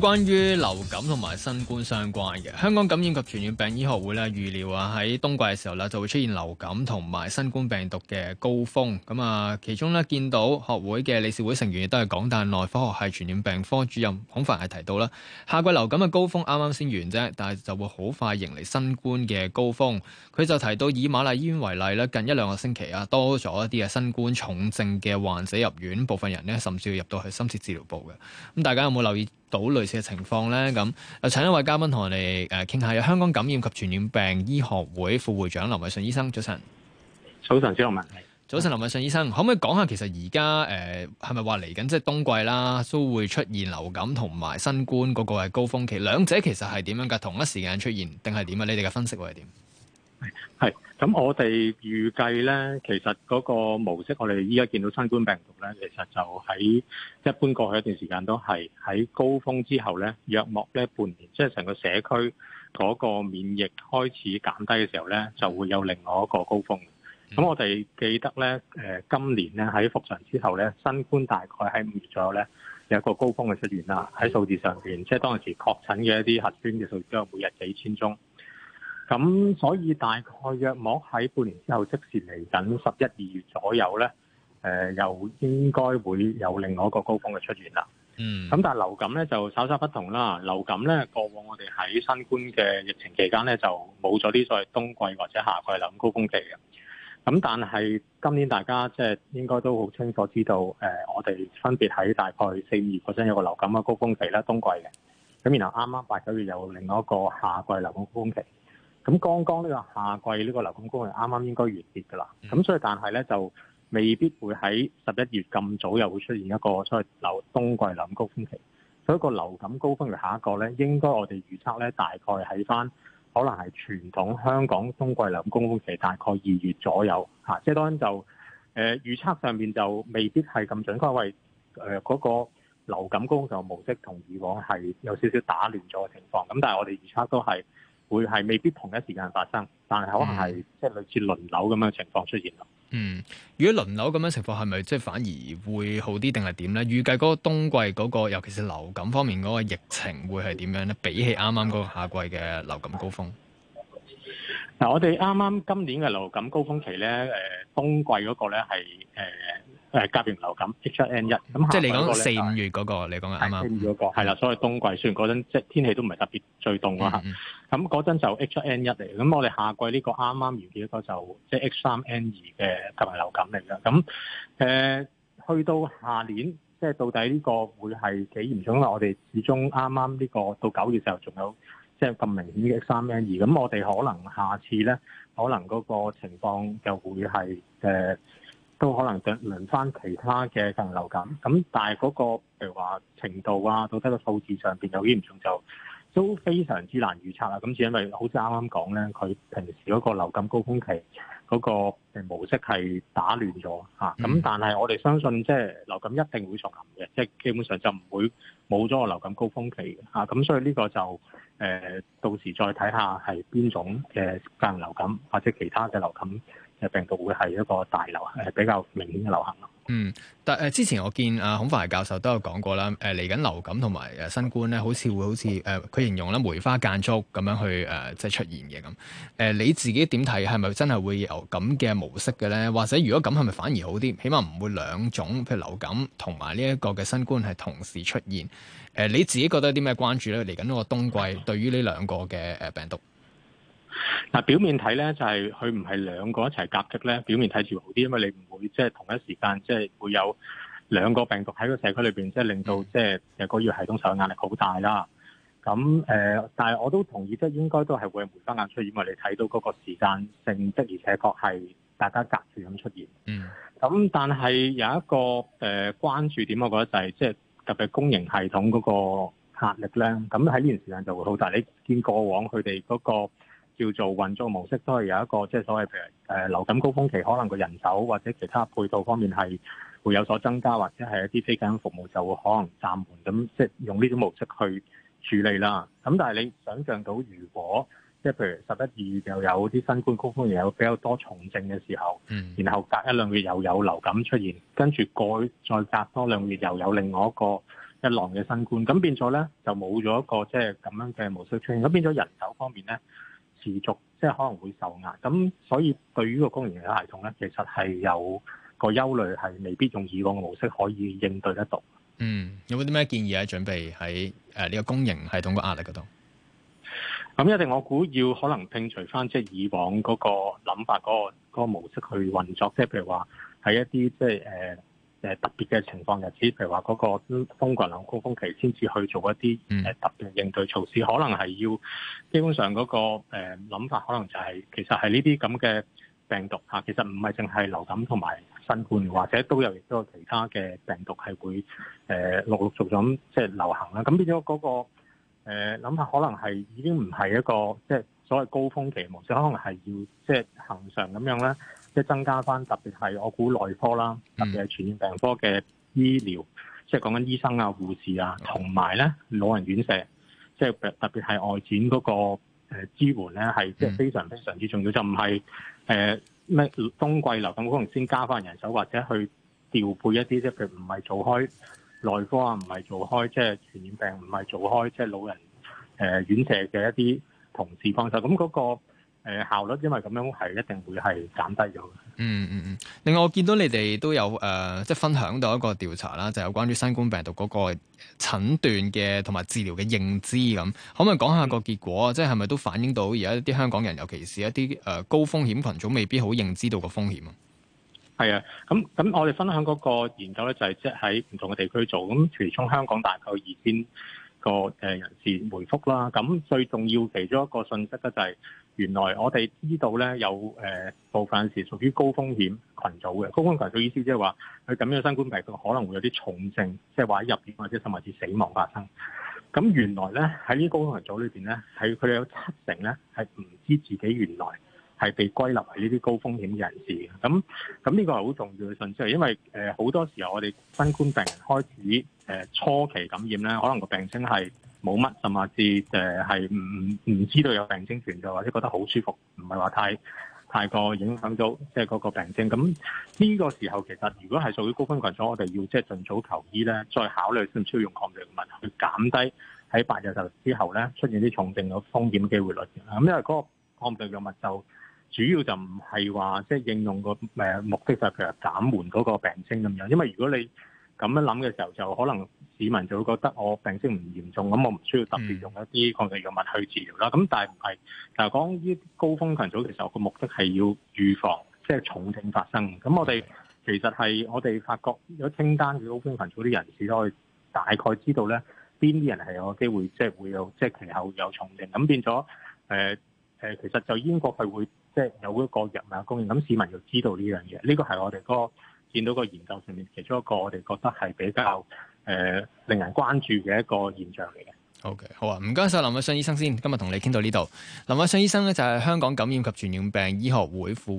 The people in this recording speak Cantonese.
關於流感同埋新冠相關嘅，香港感染及傳染病醫學會咧，預料啊喺冬季嘅時候咧就會出現流感同埋新冠病毒嘅高峰。咁啊，其中呢，見到學會嘅理事會成員亦都係港大內科學系傳染病科主任孔繁毅係提到啦，夏季流感嘅高峰啱啱先完啫，但係就會好快迎嚟新冠嘅高峰。佢就提到以瑪麗醫院為例咧，近一兩個星期啊，多咗一啲嘅新冠重症嘅患者入院，部分人呢，甚至要入到去深切治療部嘅。咁大家有冇留意到類？嘅情況咧，咁啊，又請一位嘉賓同我哋誒傾下。有香港感染及傳染病醫學會副會長林緯遜醫生，早晨。早晨，張文禮。早晨，林緯遜醫生，可唔可以講下其實而家誒係咪話嚟緊即係冬季啦，都會出現流感同埋新冠嗰個係高峰期，兩者其實係點樣㗎？同一時間出現定係點啊？你哋嘅分析會係點？係，咁我哋預計咧，其實嗰個模式，我哋依家見到新冠病毒咧，其實就喺一般過去一段時間都係喺高峰之後咧，約莫咧半年，即係成個社區嗰個免疫開始減低嘅時候咧，就會有另外一個高峰。咁我哋記得咧，誒今年咧喺復常之後咧，新冠大概喺五月左右咧有一個高峰嘅出現啦，喺數字上面，即係當時確診嘅一啲核酸嘅數字都有每日幾千宗。咁所以大概約莫喺半年之後，即時嚟緊十一二月左右咧，誒、呃、又應該會有另外一個高峰嘅出現啦。嗯。咁但係流感咧就稍稍不同啦。流感咧過往我哋喺新冠嘅疫情期間咧就冇咗啲所謂冬季或者夏季流感高峰期嘅。咁但係今年大家即係應該都好清楚知道，誒、呃、我哋分別喺大概四月嗰陣有個流感嘅高峰期啦，冬季嘅。咁然後啱啱八九月有另外一個夏季流感高峰期。咁剛剛呢個夏季呢個流感高峯啱啱應該完結㗎啦，咁所以但係呢，就未必會喺十一月咁早又會出現一個所謂流冬季流感高峰期。所以個流感高峰期下一個呢，應該我哋預測呢，大概喺翻可能係傳統香港冬季流感高峰期大概二月左右嚇、啊，即係當然就誒、呃、預測上面就未必係咁準確，因為嗰個流感高峯嘅模式同以往係有少少打亂咗嘅情況。咁但係我哋預測都係。會係未必同一時間發生，但係可能係即係類似輪流咁樣嘅情況出現咯。嗯，如果輪流咁樣情況係咪即係反而會好啲，定係點咧？預計嗰個冬季嗰、嗰個，尤其是流感方面嗰個疫情會係點樣咧？比起啱啱嗰個夏季嘅流感高峰。嗱、啊，我哋啱啱今年嘅流感高峰期咧，誒、呃，冬季嗰個咧係誒。呃誒，甲型流感 H1N1，咁即係你講四五月嗰、那個，你講啱啱？係啦、那個嗯，所謂冬季雖然嗰陣即係天氣都唔係特別最凍啊吓，咁嗰陣就 H1N1 嚟，咁我哋夏季呢個啱啱完結嗰就即係 H3N2 嘅甲型流感嚟噶，咁誒、呃、去到下年，即係到底呢個會係幾嚴重？因為我哋始終啱啱呢個到九月時候仲有即係咁明顯嘅 H3N2，咁我哋可能下次咧，可能嗰個情況就會係誒。呃都可能想輪翻其他嘅禽流感，咁但係嗰、那個譬如話程度啊，到底個數字上邊有啲唔同，就都非常之難預測啦。咁只因為好似啱啱講咧，佢平時嗰個流感高峰期嗰個模式係打亂咗吓。咁、嗯、但係我哋相信即係流感一定會重臨嘅，即、就、係、是、基本上就唔會冇咗個流感高峰期吓。咁、啊、所以呢個就誒到時再睇下係邊種嘅禽流感或者其他嘅流感。病毒會係一個大流行，誒比較明顯嘅流行咯。嗯，但誒、呃、之前我見啊孔繁毅教授都有講過啦，誒嚟緊流感同埋誒新冠咧，好似會好似誒佢形容啦梅花間竹咁樣去誒、呃、即係出現嘅咁。誒、呃、你自己點睇？係咪真係會有咁嘅模式嘅咧？或者如果咁係咪反而好啲？起碼唔會兩種，譬如流感同埋呢一個嘅新冠係同時出現。誒、呃、你自己覺得有啲咩關注咧？嚟緊個冬季對於呢兩個嘅誒病毒？嗱，表面睇咧就係佢唔係兩個一齊夾擊咧。表面睇住好啲，因為你唔會即係同一時間即係會有兩個病毒喺個社區裏邊，即係令到即係個醫療系統上壓力好大啦。咁誒、呃，但係我都同意，即係應該都係會係梅花眼出現，因為你睇到嗰個時間性質，而且確係大家隔住咁出現。嗯，咁但係有一個誒、呃、關注點，我覺得就係、是、即係特別公營系統嗰個壓力咧。咁喺呢段時間就會好大。你見過往佢哋嗰個。叫做運作模式都係有一個，即係所謂譬如誒、呃、流感高峰期，可能個人手或者其他配套方面係會有所增加，或者係一啲非緊急服務就會可能暫緩咁，即係用呢種模式去處理啦。咁但係你想像到，如果即係譬如十一二月又有啲新冠高峰，又有比較多重症嘅時候，嗯，然後隔一兩月又有流感出現，跟住過再隔多兩月又有另外一個一浪嘅新冠，咁變咗咧就冇咗一個即係咁樣嘅模式出現，咁變咗人手方面咧。持續即係可能會受壓，咁所以對於個公營系統咧，其實係有個憂慮，係未必用以往嘅模式可以應對得到。嗯，有冇啲咩建議啊？準備喺誒呢個公營系統個壓力嗰度？咁一定我估要可能摒除返即係以往嗰個諗法，嗰個嗰個模式去運作，即係譬如話喺一啲即係誒。呃誒特別嘅情況日子，譬如話嗰個風流感高峰期，先至去做一啲誒特別應對措施，可能係要基本上嗰個誒諗法，可能就係其實係呢啲咁嘅病毒嚇，其實唔係淨係流感同埋新冠，或者都有亦都有其他嘅病毒係會誒陸陸續續咁即係流行啦。咁變咗嗰個誒諗法，可能係已經唔係一個即係所謂高峰期模式，可能係要即係恆常咁樣啦。即係增加翻，特別係我估內科啦，特別係傳染病科嘅醫療，嗯、即係講緊醫生啊、護士啊，同埋咧老人院舍，即係特別係外展嗰個支援咧，係即係非常非常之重要，就唔係誒咩冬季流感可能先加翻人手，或者去調配一啲，即係唔係做開內科啊，唔係做開即係傳染病，唔係做開即係老人誒、呃、院舍嘅一啲同事幫手，咁嗰、嗰個。誒效率，因為咁樣係一定會係減低咗。嗯嗯嗯。另外，我見到你哋都有誒、呃，即係分享到一個調查啦，就係、是、有關於新冠病毒嗰個診斷嘅同埋治療嘅認知咁。可唔可以講下個結果？嗯、即係咪都反映到而家一啲香港人，尤其是一啲誒、呃、高風險群組，未必好認知到個風險啊？係啊，咁咁我哋分享嗰個研究咧，就係即係喺唔同嘅地區做，咁除咗香港大概二千。個誒人士回覆啦，咁最重要其中一個訊息咧就係原來我哋知道咧有誒部分是屬於高風險羣組嘅。高風險羣組意思即係話佢，咁樣新冠肺炎佢可能會有啲重症，即係話喺入院或者甚至死亡發生。咁原來咧喺呢啲高風險羣組裏邊咧，係佢哋有七成咧係唔知自己原來。係被歸納為呢啲高風險嘅人士嘅。咁咁呢個係好重要嘅信息，因為誒好、呃、多時候我哋新冠病人開始誒、呃、初期感染咧，可能個病徵係冇乜，甚至誒係唔唔知道有病徵存在，或者覺得好舒服，唔係話太太過影響到即係嗰個病徵。咁呢個時候其實如果係屬於高風險群組，我哋要即係盡早求醫咧，再考慮需唔需要用抗病毒藥物去減低喺八日之後咧出現啲重症嘅風險機會率。咁因為嗰、嗰個抗病毒藥物就主要就唔係話即係應用個誒目的就係其實減緩嗰個病徵咁樣，因為如果你咁樣諗嘅時候，就可能市民就會覺得我病徵唔嚴重，咁我唔需要特別用一啲抗病毒藥物去治療啦。咁、嗯、但係唔係？嗱，講呢高風險群組嘅時候，個目的係要預防即係、就是、重症發生。咁我哋、嗯、其實係我哋發覺有清單嘅高風險群組啲人士，都可以大概知道咧邊啲人係有機會即係、就是、會有即係其後有重症。咁變咗誒。呃誒，其實就英國係會即係有一個人民供應，咁市民要知道呢樣嘢，呢、呢個係我哋個見到個研究上面其中一個我哋覺得係比較誒、呃、令人關注嘅一個現象嚟嘅。好嘅，好啊，唔該晒。林緯遜醫生先，今日同你傾到呢度。林緯遜醫生咧就係香港感染及傳染病醫學會副。